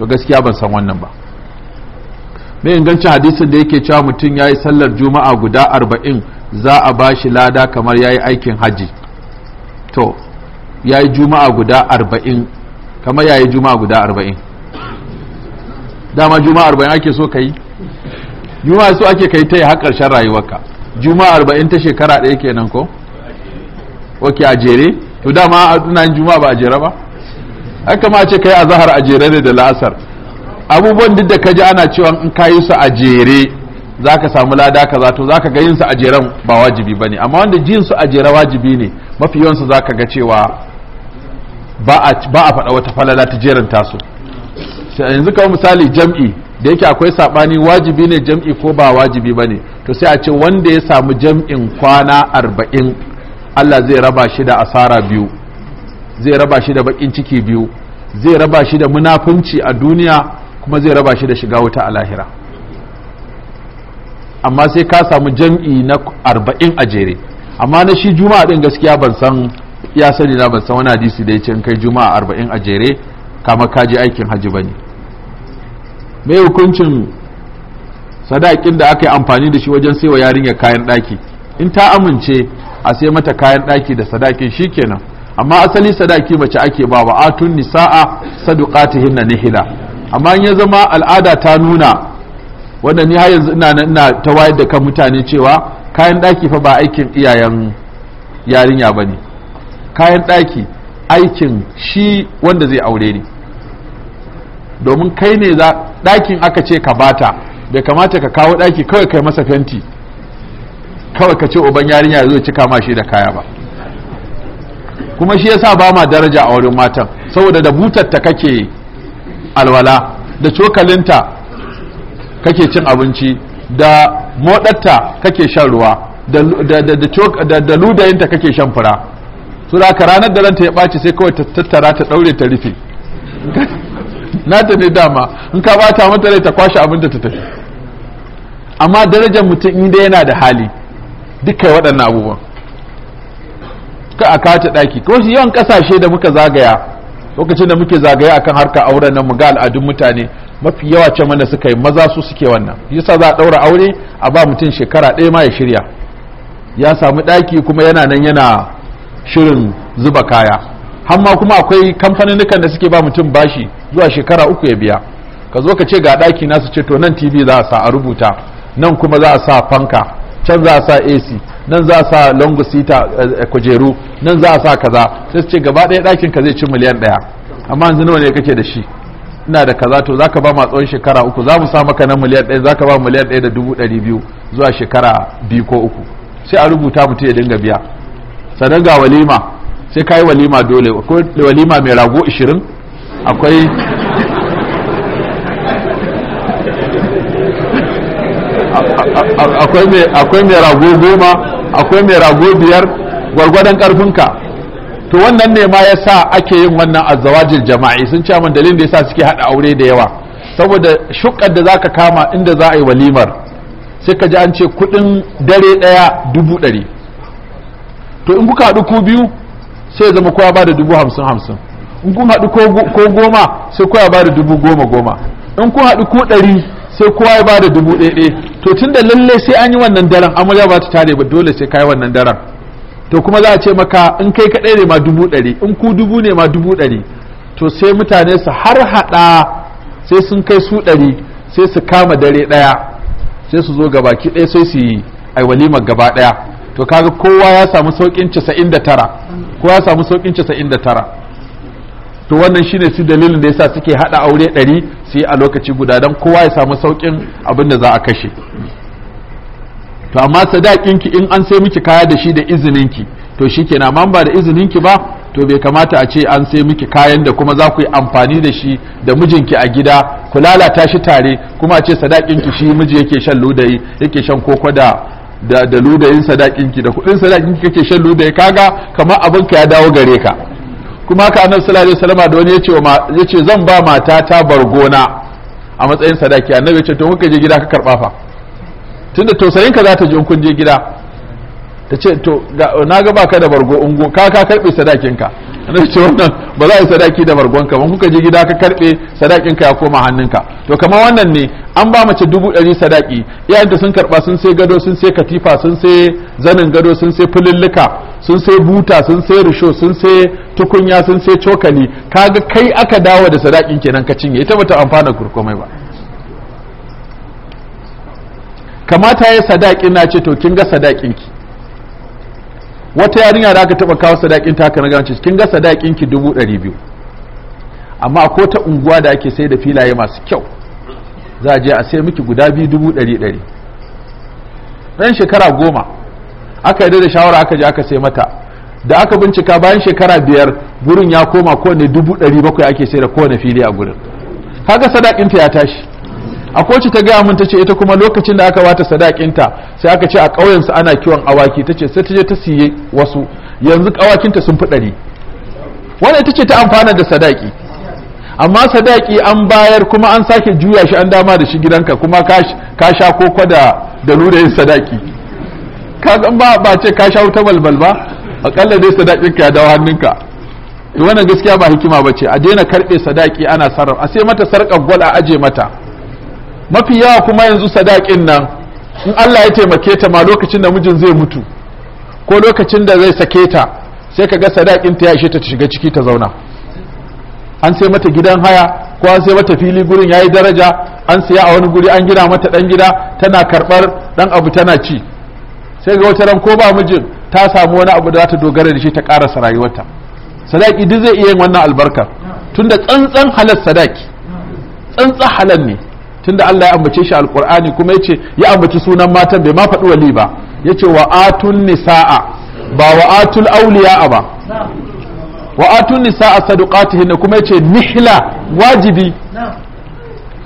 to gaskiya ban san wannan ba mai ingancin hadisin da yake cewa mutum ya yi sallar juma'a guda arba'in za a ba shi lada kamar ya yi aikin haji to ya yi juma'a guda arba'in kamar ya yi juma'a guda arba'in dama juma'a arba'in ake so ka yi juma'a so ake kai ta yi haƙar ƙarshen rayuwarka juma'a arba'in ta shekara ɗaya kenan ko wake a jere to dama a yin juma'a ba a jere ba haka ma ce kai Zahar a jere ne da la'asar abubuwan duk da ka ji ana cewa in ka yi su a jere za ka samu lada ka zato za ka ga yin su a jeren ba wajibi ba ne amma wanda jin su a jere wajibi ne mafi yawansu za ka ga cewa ba a faɗa wata falala ta jeren tasu yanzu kawai misali jam'i da yake akwai saɓani wajibi ne jam'i ko ba wajibi ba ne to sai a ce wanda ya samu jam'in kwana arba'in allah zai raba shi da asara biyu zai raba shi da bakin ciki biyu zai raba shi da munafunci a duniya kuma zai raba shi da shiga wuta a lahira amma sai ka samu jam'i na arba'in a jere amma na shi juma'a din gaskiya ban san ya sani na ban san wani hadisi da ya ce kai juma'a arba'in a jere kama ka je aikin hajji ba ne mai hukuncin sadakin da aka yi amfani da shi wajen saiwa yarinya kayan ɗaki in ta amince a sai mata kayan ɗaki da sadakin shi kenan amma asali sadaki mace ake ba wa atun nisa'a saduqatihin na nihila amma in ya zama al'ada ta nuna wannan ni har yanzu ina ina ta wayar da kan mutane cewa kayan daki fa ba aikin iyayen yarinya bane kayan daki aikin shi wanda zai aure ni domin kai ne za dakin aka ce ka bata bai kamata ka kawo daki kawai kai masa fenti kawai ka ce uban yarinya zai cika ma shi da kaya ba kuma shi yasa ba ma daraja a wurin matan saboda da butarta kake alwala da cokalinta kake cin abinci da modarta kake shan ruwa da ludayinta kake shan fura su da aka ranar da ranta ya ɓaci sai kawai ta tattara ta ɗaure ta rufe Na ta ne dama in ka bata mata rai ta kwashe abinta ta tafi amma darajar mutum inda yana da hali duka waɗannan abubuwan ka a kata ɗaki ko shi yawan kasashe da muka zagaya lokacin da muke zagaya akan harka aure nan mu ga al'adun mutane mafi yawa ce mana suka yi maza su suke wannan yasa za a ɗaura aure a ba mutum shekara ɗaya ma ya shirya ya samu ɗaki kuma yana nan yana shirin zuba kaya hamma kuma akwai kamfanin da suke ba mutum bashi zuwa shekara uku ya biya ka zo ka ce ga ɗaki nasu ce to nan tv za a sa a rubuta nan kuma za a sa fanka can za a sa ac nan za a sa sita eh, kujeru nan za a sa kaza sai su ce gaba ɗaya ɗakin ka zai ci miliyan ɗaya amma yanzu nawa ne kake da shi ina da kaza to zaka ba ma tsawon shekara uku za mu sa maka nan miliyan ɗaya zaka ba miliyan ɗaya da dubu ɗari biyu zuwa shekara biyu ko uku sai a rubuta mutum ya dinga biya sannan ga walima sai ka yi walima dole akwai walima mai rago ishirin akwai akwai mai rago goma akwai mai rago biyar gwargwadon karfinka to wannan ne ma ya sa ake yin wannan azawajil jama'i sun ce min dalilin da ya sa suke haɗa aure da yawa saboda shukar da zaka kama inda za a yi walimar sai ka ji an ce kuɗin dare ɗaya dubu ɗari to in kuka haɗu ko biyu sai ya zama kowa ba da dubu hamsin hamsin in kun haɗu ko goma sai kowa ba da dubu goma goma in kun haɗu ko ɗari sai kowa ya ba da dubu ɗaya to tun da lalle sai an yi wannan daren amarya ba ta tare ba dole sai kai wannan daren to kuma za a ce maka in kai kaɗai ne ma dubu ɗari in ku dubu ne ma dubu ɗari to sai mutane su har haɗa sai sun kai su ɗari sai su kama dare ɗaya sai su zo gabaki ɗaya sai su yi ai walimar gaba ɗaya to kaga kowa ya samu saukin 99 kowa ya samu saukin 99 to wannan shine su dalilin da yasa suke hada aure ɗari su yi a lokaci guda don kowa ya samu saukin abin da za a kashe to amma sadakinki in an sai miki kaya da shi da izininki to shikenan amma ba da izininki ba to bai kamata a ce an sai miki kayan da kuma za ku yi amfani da shi da mijinki a gida ku lalata shi tare kuma a ce sadakinki shi miji yake shan ludayi yake shan koko da da da ludayin sadakinki da kudin sadakinki kake shan ludayi kaga kamar abinka ya dawo gare ka kuma haka annabi sallallahu alaihi wasallam da wani yace yace zan ba matata bargona a matsayin sadaki annabi yace to kuka je gida ka karba fa tunda tausayin ka za ta je kun je gida ta to na ga baka da bargo ungo ka ka karbe sadakin ka ne ce wannan ba za a yi sadaki da bargonka ba kuka je gida ka karbe sadakin ka ya koma hannunka to kamar wannan ne an ba mace dubu ɗari sadaki iyayenta sun karɓa sun sai gado sun sai katifa sun sai zanin gado sun sai fulillika sun sai buta sun sai risho sun sai tukunya sun sai cokali kaga kai aka dawo da sadakin kenan ka cinye ita bata amfana kurkomai ba kamata ya sadaki na ce to kin ga sadakin ki wata yarinya da aka taba kawo sadakin ta haka na gance kin ga sadakin ki dubu ɗari biyu amma ko ta unguwa da ake sai da filaye masu kyau za a je a sai miki guda biyu dubu ɗari ɗari ɗan shekara goma aka yi da shawara aka je aka sai mata da aka bincika bayan shekara biyar gurin ya koma kowane dubu ɗari bakwai ake sai da kowane fili a gurin haka sadakin ta ya tashi a koci ta gaya mun tace ita kuma lokacin da aka wata sadakinta sai aka ce a ƙauyen su ana kiwon awaki tace sai ta je ta siye wasu yanzu awakinta sun fi ɗari wannan ita ce ta amfana da sadaki amma sadaki an bayar kuma an sake juya shi an dama da shi gidanka kuma ka sha koko da da yin sadaki ka ba ba ce ka sha wuta balbal ba akalla dai sadakin ka ya dawo hannunka wannan gaskiya ba hikima ba ce a daina karɓe sadaki ana sarrafa a sai mata sarƙar gwal a aje mata mafi yawa kuma yanzu sadakin nan in Allah ya taimake ta ma lokacin da mijin zai mutu ko lokacin da zai sake ta sai ka ga sadakin ta ya ishe ta shiga ciki ta zauna an sai mata gidan haya ko an sai mata fili gurin yayi daraja an siya a wani guri an gina mata dan gida tana karbar dan abu tana ci sai ga wata ran ko ba mijin ta samu wani abu da za ta dogara da shi ta karasa rayuwarta sadaki duk zai iya yin wannan albarkar tunda tsantsan halar sadaki tsantsan halar ne tunda Allah ya ambace shi alqur'ani kuma yace ya ambaci sunan matan bai ma faɗi wali ba yace wa atun nisaa ba wa atul awliya ba wa atun nisaa sadaqatihinna kuma yace nihla wajibi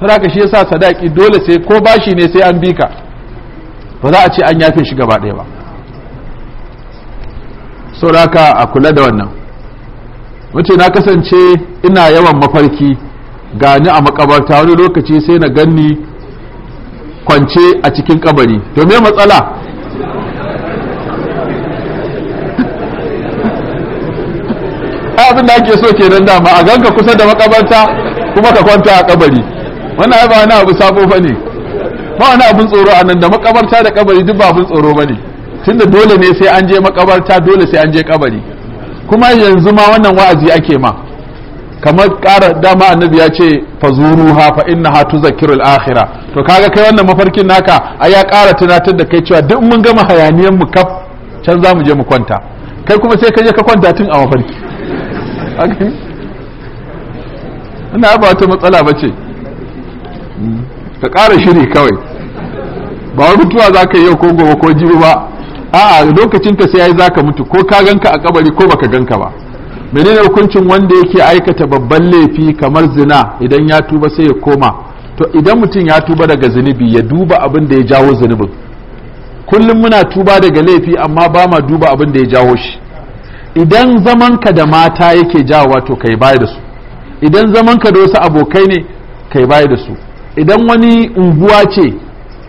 saboda shi yasa sadaki dole sai ko bashi ne sai an bika ba za a ce an yafe shi gaba ɗaya ba saboda a kula da wannan wace na kasance ina yawan mafarki gani a makabarta wani lokaci sai na ganni kwance a cikin kabari to me matsala abin da ake so ke nan dama a ganka kusa da makabarta kuma ka kwanta a kabari wannan ba wani abu sabo ba ne ba wani abin tsoro a nan da makabarta da kabari duk ba abin tsoro ba ne tunda dole ne sai an je makabarta dole sai an je kabari kuma yanzu ma wannan wa'azi ake ma kamar ƙara dama annabi ya ce fazuruha fa innaha tuzakkirul akhira to kaga kai wannan mafarkin naka ai ya ƙara tunatar da kai cewa duk mun gama hayaniyan mu kaf can za je mu kwanta kai kuma sai ka je ka kwanta tun a mafarki ina ba wata matsala ba hmm. ka ƙara shiri kawai ba wani mutuwa za ka yi yau ko gobe ko jibi ba a'a lokacin ka sai yayi za ka mutu ko ka ganka a kabari ko baka ganka ba menene hukuncin wanda yake aikata babban laifi kamar zina idan ya tuba sai ya koma to idan mutum ya tuba daga zunubi ya duba abin da ya jawo zunubin kullum muna tuba daga laifi amma ba ma duba abin da ya jawo shi idan zamanka da mata yake jawowa to kai baya da su idan zamanka da wasu abokai ne kai baya da su idan wani unguwa ce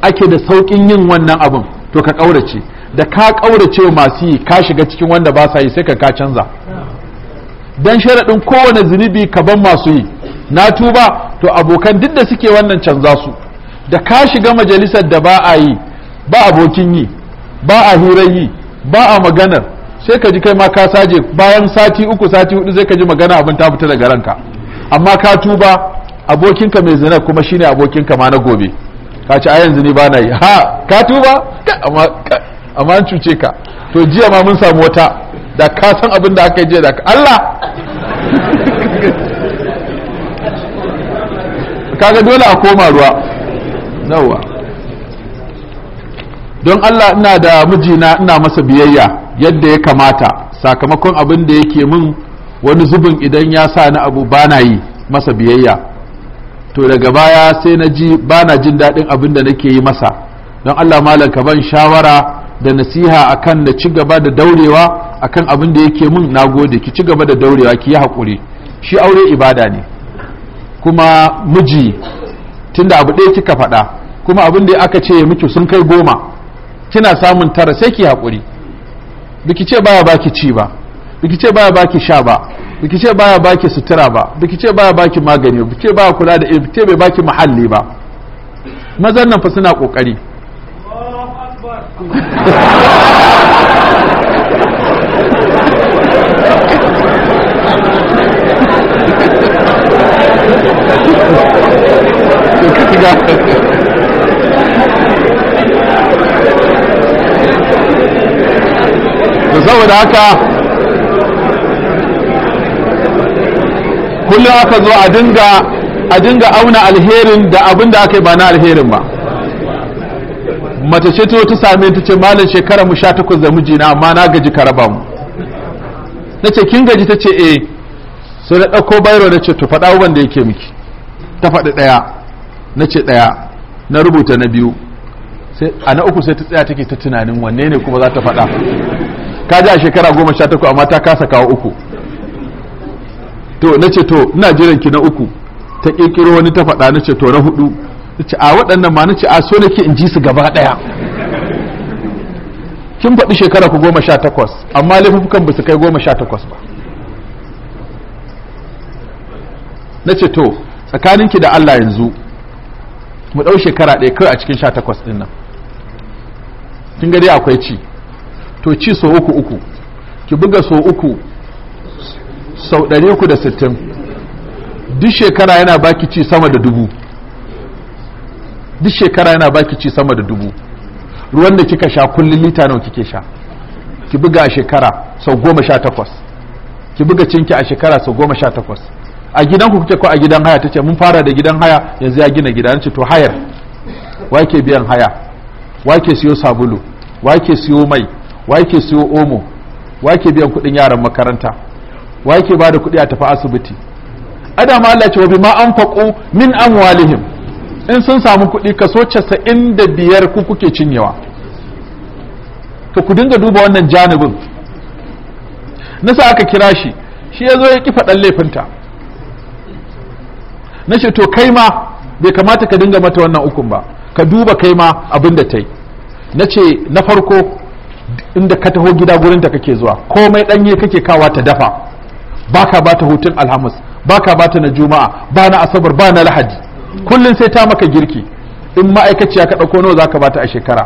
ake da sauƙin yin wannan abin to ka ƙaurace da ka ƙaurace masu yi ka shiga cikin wanda ba sa yi sai ka ka canza dan sharaɗin kowane zunubi ka ban masu yi na tuba to abokan duk da suke wannan canza su da ka shiga majalisar da ba a yi ba abokin yi ba a hirar yi ba a maganar sai ka ji kai ma ka saje bayan sati uku sati hudu sai ka ji magana abin ta fita daga ranka amma ka tuba abokinka mai zinar kuma shine abokinka ma na gobe ka ci a yanzu ni ba na yi ha ka tuba amma an cuce ka to jiya ma mun samu wata da ka san abin da aka yi jiya da Allah kaga dole a koma ruwa nawa don Allah ina da mijina ina masa biyayya yadda ya kamata sakamakon abin da yake min wani zubin idan ya sa ni abu bana yi masa biyayya to daga baya sai na ji bana jin daɗin abin da nake yi masa don Allah malam ka ban shawara da nasiha akan da ci gaba da daurewa akan abin da yake min nagode ki ci gaba da daurewa ki yi haƙuri shi aure ibada ne kuma miji tunda abu ɗaya kika faɗa kuma abin da aka ce miki sun kai goma kina samun tara sai ki haƙuri biki ce baya baki ci ba biki ce baya baki sha ba biki ce baya baki sutura ba biki ce baya baki magani ba biki ce baya kula da biki ce bai baki muhalli ba mazan nan fa suna kokari shiga da saboda haka kullum aka zo a dinga auna alherin da abin da aka yi ba na alherin ba mace ce ta same ta ce malam shekara mu sha takwas da mijina amma na gaji ka mu na ce kin gaji ta ce eh sai na ɗauko bayro na ce to faɗa wanda yake miki ta faɗi ɗaya na ce ɗaya na rubuta na biyu a na uku sai ta tsaya take ta tunanin wanne ne kuma za ta faɗa ka ji a shekara goma sha takwas amma ta kasa kawo uku to na ce to ina jiran ki na uku ta ƙirƙiro wani ta faɗa na ce to na hudu na ce a waɗannan ma na ce a so nake in ji su gaba ɗaya kin faɗi shekara ku goma sha takwas amma laifukan ba su kai goma sha takwas ba na ce to tsakaninki da Allah yanzu mu ɗau shekara ɗaya kawai a cikin sha takwas ɗin nan kin ga dai akwai ci to ci so uku uku ki buga so uku sau ɗari uku da sittin duk shekara yana baki ci sama da dubu duk shekara yana baki ci sama da dubu ruwan da kika sha kullum lita nawa kike sha ki buga a shekara sau goma sha takwas ki buga cinki a shekara sau goma sha takwas a gidan ku kuke ko a gidan haya tace mun fara da gidan haya yanzu ya gina gida nace to hayar wake biyan haya wake siyo sabulu wake siyo mai wake siyo omo wake biyan kudin yaran makaranta wake ba da kudi a tafi asibiti adama Allah ce wa bima anfaqu min amwalihim in sun samu kudi kaso 95 ku kuke cinyewa to ku dinga duba wannan janibin nasa aka kira shi shi ya zo ya kifa dan laifinta na ce to kai ma bai kamata ka dinga mata wannan ukun ba ka duba kai ma abin da ta yi na ce na farko inda ka taho gida gurinta kake zuwa komai ɗanye kake kawa ta dafa ka ba ta hutun alhamis baka ba ta na juma'a ba na asabar ba na lahadi kullum sai ta maka girki in ma'aikaciya ka ɗauko nawa ba ta a shekara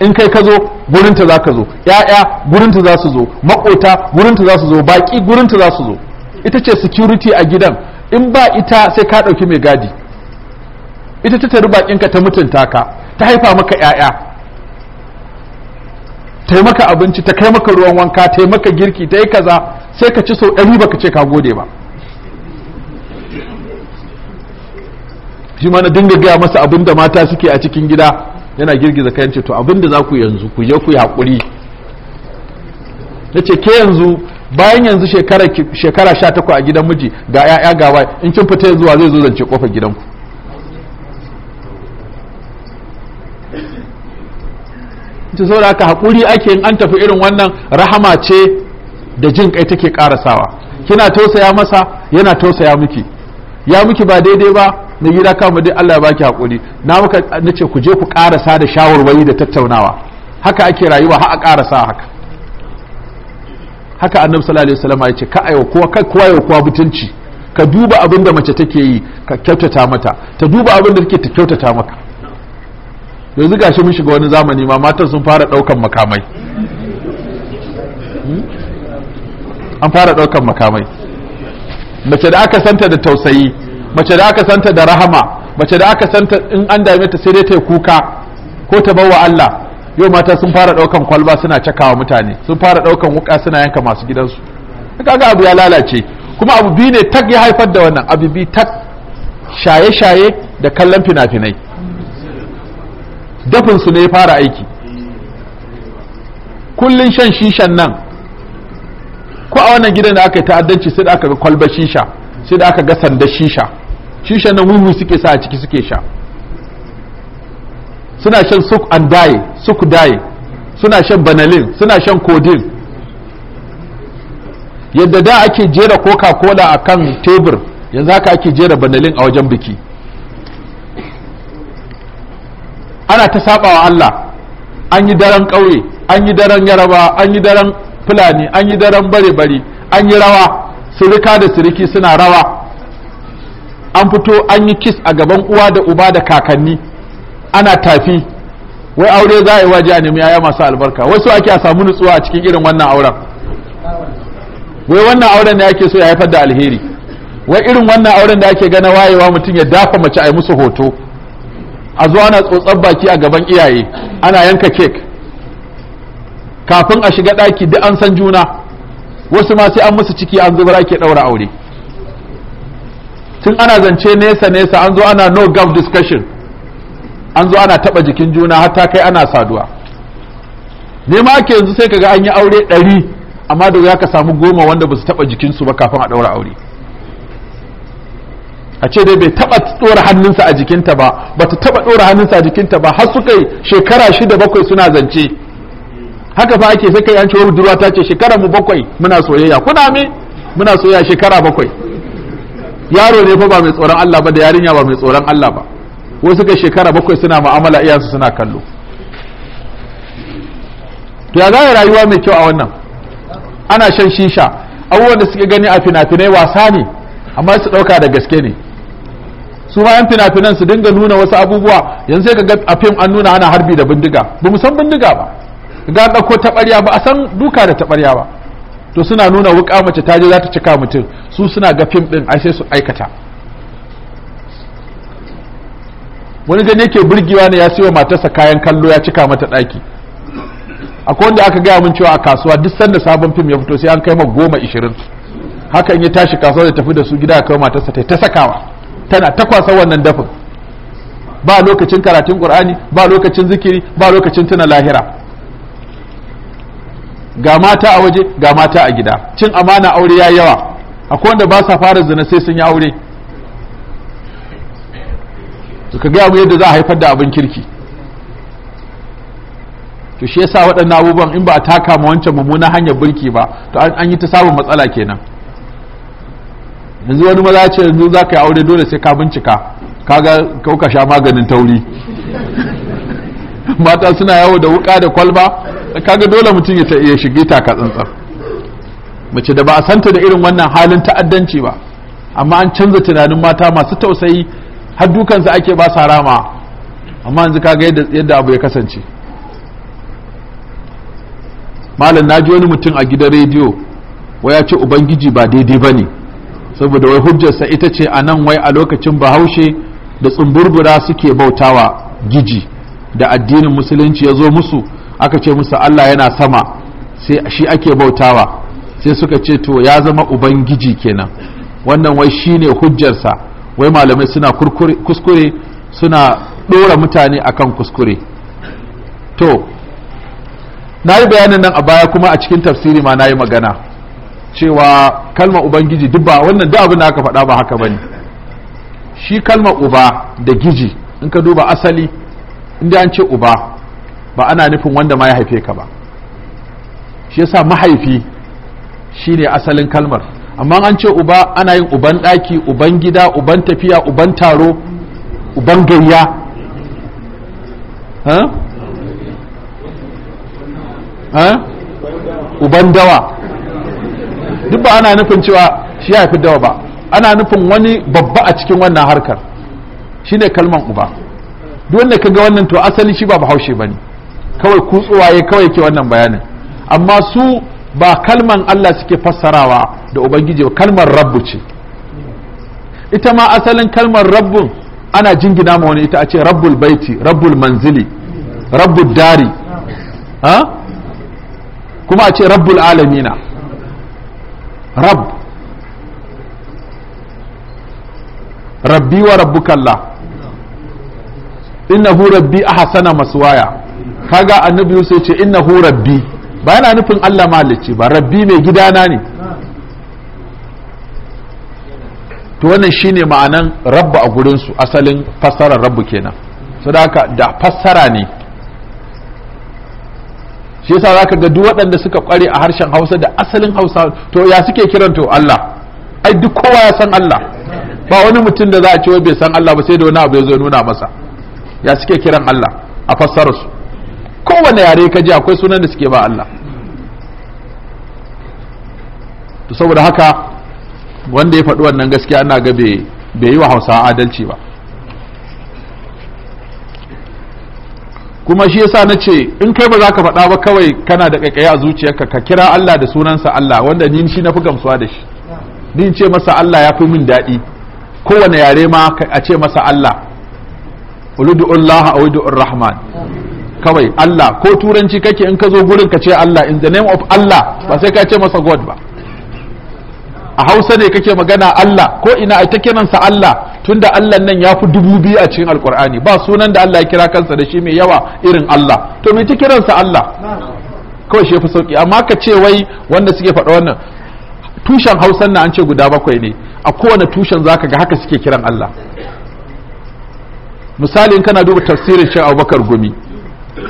in kai ka zo gurinta za ka zo ya'ya gurinta za su zo maƙota gurinta za su zo baƙi gurinta za su zo ita ce security a gidan in ba ita sai ka ɗauki mai gadi ita ta tari bakinka ta mutunta ka ta haifa maka 'ya'ya ta yi maka abinci ta kai maka ruwan wanka ta yi maka girki ta yi kaza sai ka ci sau ɗari baka ce ka gode ba shi ma na dinga gaya masa abin da mata suke a cikin gida yana girgiza kayan ce to abin da za ku yanzu ku je ku yi haƙuri na ce ke yanzu bayan yanzu shekara sha takwa a gidan miji ga yaya ga wai in kin fita zuwa zai zo zance kofar gidanku ta saboda haka hakuri ake in an tafi irin wannan rahama ce da jin kai take karasawa kina tausaya masa yana tausaya miki ya miki ba daidai ba na gida kama dai Allah ya baki hakuri. na muka nace ku je ku karasa da shawarwari da tattaunawa haka ake rayuwa har a karasa haka haka annabi sallallahu alaihi wasallam ya ce ka ayo kuwa ka kuwa ya kuwa butunci ka duba abinda mace take yi ka kyautata mata ta duba abinda take ta kyautata maka yanzu gashi mun shiga wani zamani ma matan sun fara daukan makamai hmm? an fara daukan makamai mace da aka santa da tausayi mace da aka santa da rahama mace da aka santa in an dame ta sai dai ta kuka ko ta bawa Allah yau mata sun fara daukan kwalba suna cakawa mutane sun fara daukan wuka suna yanka masu gidansu kaga abu ya lalace kuma abu biyu ne tak ya haifar da wannan abu biyu tak shaye-shaye da kallon fina-finai dafinsu ne ya fara aiki kullun shan shishan nan ko a wannan gidan da aka yi ta'addanci sai da aka ga kwalba shisha sai da aka ga sanda shisha shishan nan wuhu suke sa a ciki suke sha suna shan suk and die suk die suna shan banalin suna shan kodin yadda da ake jera coca cola a kan tebur yanzu haka ake jera banalin a wajen biki ana ta wa Allah an yi daren ƙauye an yi daren yaraba an yi daren fulani an yi daren bare-bare an yi rawa sirika da siriki suna rawa an fito an yi kis a gaban uwa da uba da kakanni ana tafi wai aure za a yi waje a nemi yaya masu albarka wasu ake a samu nutsuwa a cikin irin wannan auren wai wannan auren ne ake so ya haifar da alheri wai irin wannan auren da ake gana wayewa mutum ya dafa mace a yi musu hoto a zuwa ana tsotsar baki a gaban iyaye ana yanka kek kafin a shiga ɗaki duk an san juna wasu ma sai an musu ciki an zubar ake ɗaura aure tun ana zance nesa nesa an zo ana no gov discussion an zo ana taɓa jikin juna har ta kai ana saduwa ne ake yanzu sai kaga an yi aure ɗari amma da ya ka samu goma wanda ba su taɓa jikinsu ba kafin a ɗaura aure a ce dai bai taɓa ɗora hannunsa a jikinta ba ba ta taɓa ɗora hannunsa a jikinta ba har suka yi shekara shida bakwai suna zance haka fa ake sai kai an ciwo budurwa ta ce shekara mu bakwai muna soyayya kuna me muna soyayya shekara bakwai yaro ne fa ba mai tsoron Allah ba da yarinya ba mai tsoron Allah ba wasu suka shekara bakwai suna mu'amala iyansu suna kallo to ya zai rayuwa mai kyau a wannan ana shan shisha abubuwan da suke gani a fina-finai wasa ne amma su ɗauka da gaske ne su ma yan fina-finan su dinga nuna wasu abubuwa yanzu sai ga a fim an nuna ana harbi da bindiga ba mu san bindiga ba ga ɗauko taɓarya ba a san duka da taɓarya ba to suna nuna wuka mace ta je za ta cika mutum su suna ga fim ɗin ai sai su aikata wani gani yake burgewa ne ya siyo matarsa kayan kallo ya cika mata daki. akwai wanda aka gaya mun cewa a kasuwa duk sanda sabon fim ya fito sai an kai ma goma ishirin haka in ya tashi kasuwa da tafi da su gida kai matarsa ta ta sakawa tana takwasa wannan dafin ba lokacin karatun qur'ani ba lokacin zikiri ba lokacin tuna lahira ga mata a waje ga mata a gida cin amana aure ya yawa akwai wanda ba sa fara zina sai sun yi aure suka ka gaya yadda za a haifar da abin kirki to shi yasa waɗannan abubuwan in ba a taka ma wancan mummunan hanyar birki ba to an yi ta samun matsala kenan yanzu wani maza ce yanzu za ka yi aure dole sai ka bincika ka ga kauka sha maganin tauri mata suna yawo da wuka da kwalba kaga dole mutum ya iya shige ka tsantsar mace da ba a santa da irin wannan halin ta'addanci ba amma an canza tunanin mata masu tausayi har dukansu ake ba sa rama amma yanzu kaga yadda abu ya kasance malam na ji wani mutum a gidan rediyo wai ya ce ubangiji ba daidai ba ne saboda wai hujjarsa ita ce a nan wai a lokacin bahaushe da tsumburbura suke bautawa giji da addinin musulunci ya zo musu aka ce musu allah yana sama sai shi ake bautawa sai suka ce to ya zama ubangiji kenan wannan wai shine hujjarsa wai malamai suna kuskure suna ɗora mutane akan kuskure to na yi bayanin nan a baya kuma a cikin tafsiri ma na yi magana cewa kalma ubangiji duk ba wannan duk abin da aka faɗa ba haka bane shi kalma uba da giji in ka duba asali inda an ce uba ba ana nufin wanda ma ya haife ka ba shi yasa mahaifi shine asalin kalmar amma an ce uba ana yin uban ɗaki uban gida uban tafiya uban taro uban gayya uban dawa duk ba ana nufin cewa shi ya fi dawa ba ana nufin wani babba a cikin wannan harkar shine kalman uba duk wanda kaga wannan to asali shi ba bahaushe ba ne kawai ya kawai ke wannan bayanin amma su ba kalman Allah suke fassarawa da ubangiji ba kalmar rabbu ce ita ma asalin kalmar rabbun ana jingina ma wani ita a ce rabbul baiti rabbul manzili rabbul dari ha kuma a ce rabbul alamina rabb rabbi wa rabbukallah innahu rabbi ahsana maswaya kaga annabi sai ce innahu rabbi ba yana nufin Allah mahalicci ba rabbi mai gidana ne to wannan shine ma'anan rabba a gurinsu asalin fassarar rabbu kenan sadaka da fassara ne shi yasa zaka ga duk waɗanda suka ƙware a harshen Hausa da asalin Hausa to ya suke kiran to Allah ai duk kowa ya san Allah ba wani mutum da za a ce wai bai san Allah ba sai da wani abu ya zo nuna masa ya suke kiran Allah a fassararsu kowane yare ka ji akwai sunan da suke ba Allah to saboda haka wanda ya faɗi wannan gaskiya ana ga bai yi wa hausa adalci ba kuma shi yasa na ce in kai ba za ka faɗa ba kawai kana da ƙaiƙayi a zuciyarka ka kira Allah da sunansa Allah wanda ni shi na fi gamsuwa da shi ni ce masa Allah ya fi min daɗi kowane yare ma a ce masa Allah uludu'ullaha a rahman kawai Allah ko turanci kake in ka zo gurin ka ce Allah in the name of Allah ba sai ka ce masa God ba a Hausa ne kake magana Allah ko ina a ta kiransa Allah tunda Allah nan ya fi dubu biyu a cikin Alkur'ani ba sunan da Allah ya kira kansa da shi mai yawa irin Allah to me ta kiransa Allah kawai shi fi sauki amma ka ce wai wanda suke faɗa wannan tushen Hausan nan an ce guda bakwai ne a kowane tushen zaka ga haka suke kiran Allah misali in kana duba tafsirin shi Abubakar Gumi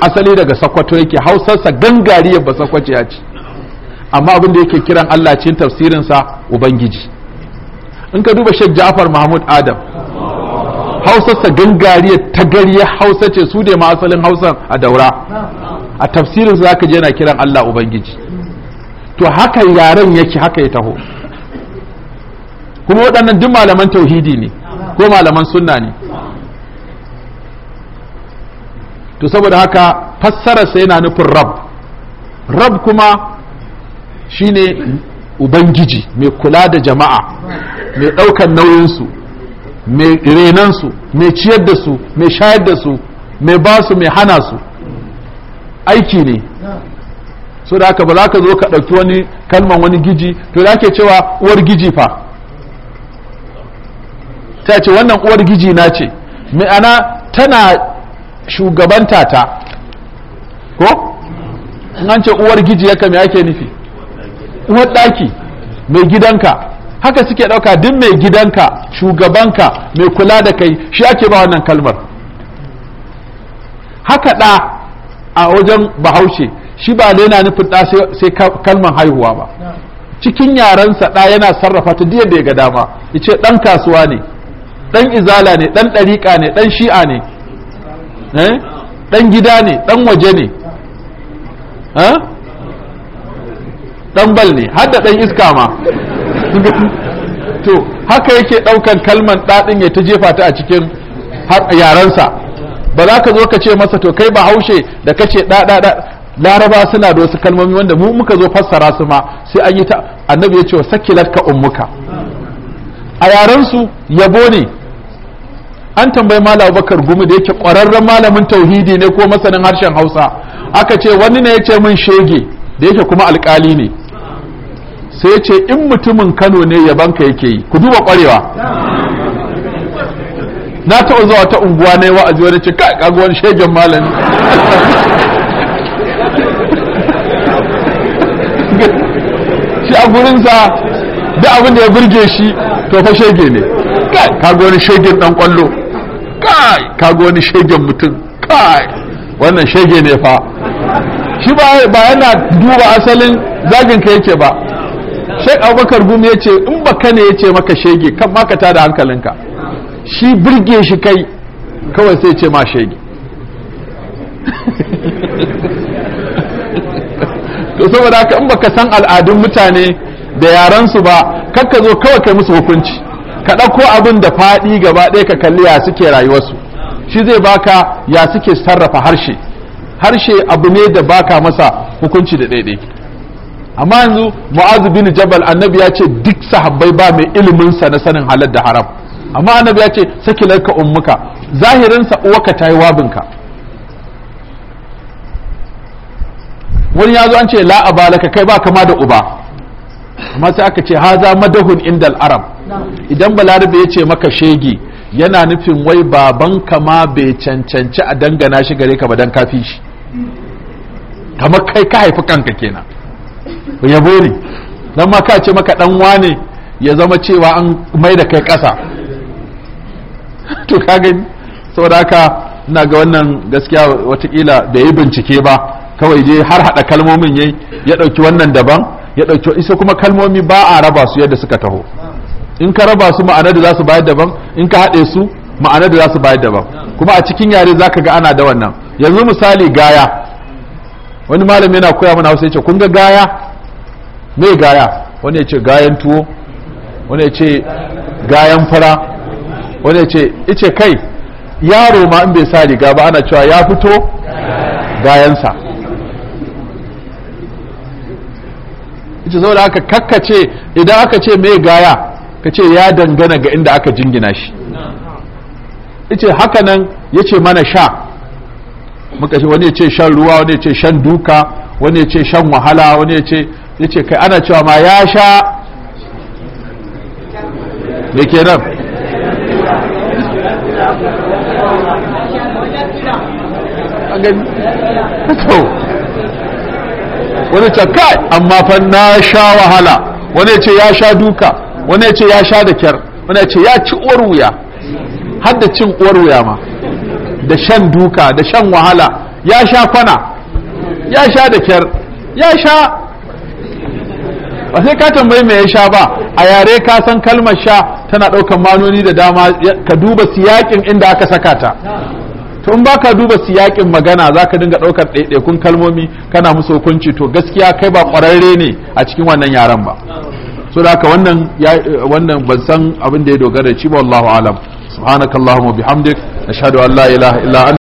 asali daga sakwato yake hausarsa gangariyar ba sakwace ya ce amma abin da yake kiran Allah cikin tafsirinsa ubangiji in ka duba Sheikh Ja'far Mahmud Adam hausarsa ya ta ya hausa ce su da ma asalin Hausar a daura a tafsirinsa zaka je yana kiran Allah ubangiji to haka yaren yake haka ya taho kuma waɗannan duk malaman tauhidi ne ko malaman sunna ne to saboda haka fassararsa yana nufin rab rab kuma shine ubangiji mai kula da jama'a mai ɗaukan nauyinsu mai renansu mai ciyar da su mai shayar da su mai ba su mai hana su aiki ne so da haka ba ka zo ka ɗauki wani kalman wani giji to da ake cewa uwar giji fa ta ce wannan uwar giji na ce mai ana tana shugabanta ta ko an ce uwar giji ya ake nufi uwar ɗaki mai gidanka haka suke ɗauka duk mai gidanka shugabanka mai kula da kai shi ake ba wannan kalmar haka ɗa a wajen bahaushe shi ba da yana nufin ɗa sai kalmar haihuwa ba cikin yarensa ɗa yana sarrafa ta diyan da ya ga dama ya ce ɗan kasuwa ne ɗan izala ne ɗan ɗariƙa ne ɗan shi'a ne Eh? dan gida ne dan waje ne dan bal ne har da dan iska ma to haka yake ɗaukan kalman ɗaɗin ya ta jefa ta a cikin yarensa ba za ka zo ka ce masa to kai ba haushe da kace da da da laraba suna da wasu kalmomi wanda mu muka zo fassara su ma sai an yi ta annabi ya ce wa sakilat ka ummuka a su yabo ne an tambayi malam Bakar gumi da yake ƙwararren malamin tauhidi ne ko masanin harshen hausa aka ce wani ne ya ce min shege da yake kuma alƙali ne sai ce in mutumin kano ne ka yake yi ku duba ƙwarewa na taɓa zuwa ta unguwa na yi wa'azi wani ce kai kaguwan shegen malami shi a gurinsa da abin da ya burge shi to fa shege ne kai kaguwan shegen ɗan ƙwallo kai ga wani shegen mutum kai wannan shege ne fa shi ba yana duba asalin zagin ka yake ba shek abubakar gumi ya ce in baka ne ya ce maka shege kan maka tada hankalinka shi birge shi kai kawai sai ce ma shege to saboda haka in baka san al'adun mutane da yaransu ba kakka zo kawai kai musu hukunci ka ɗauko abin da faɗi gaba ɗaya ka kalli ya suke rayuwarsu shi zai baka ya suke sarrafa harshe harshe abu ne da baka masa hukunci da ɗaiɗai amma yanzu mu'azu bin jabal annabi ya ce duk sahabbai ba mai iliminsa na sanin halar da haram amma annabi ya ce saki laika ummuka zahirin sa uwaka yi wabinka wani ya zo an ce la abalaka kai ba kama da uba amma sai aka ce haza madahun indal arab idan balarabe ya ce maka shege yana nufin wai baban ma bai cancanci a dangana shi gare ka ba dan kafi shi kamar kai ka haifi kanka kenan yabo ne dan ma ka ce maka dan wane ya zama cewa an mai da kai kasa to ka gani saboda haka ina ga wannan gaskiya watakila da yi bincike ba kawai dai har hada kalmomin yayi ya dauki wannan daban ya ɗauki isa kuma kalmomi ba a raba su yadda suka taho in ka raba su ma'ana da za su bayar daban in ka haɗe su ma'ana da za su bayar daban kuma a cikin yare za ka ga ana da wannan yanzu misali gaya wani malami yana koya mana hausa ya ce kun ga gaya me gaya wani ya ce gayan tuwo wani ya ce gayan fara wani ya ce ice kai yaro ma in bai sa riga ba ana cewa ya fito gayansa musulunci da aka kakkace idan aka ce mai gaya ka ce ya dangana ga inda aka jingina shi Ice haka nan ce mana sha muka ce wani ce shan ruwa wani ya ce shan duka wani ya ce shan wahala wani ya ce kai ana cewa ma ya sha me ke nan ga wani ce kai amma fa na sha wahala wani ce ya sha duka wani ce ya sha da kyar wani ce ya ci uwar wuya har da cin uwar wuya ma da shan duka da shan wahala ya sha kwana ya sha da kyar ya sha ba sai ka tambayi me ya sha ba a yare ka san kalmar sha tana ɗaukar manoni da dama ka duba siyakin inda aka saka ta tun ba ka duba siyakin magana za ka dinga ɗaukar ɗaiɗaikun kalmomi kana musu hukunci to gaskiya kai ba ƙwararre ne a cikin wannan yaren ba so da haka wannan ban san abin da ya dogara ci ba wallahu alam subhanakallahumma bihamdik ashhadu an la ilaha illa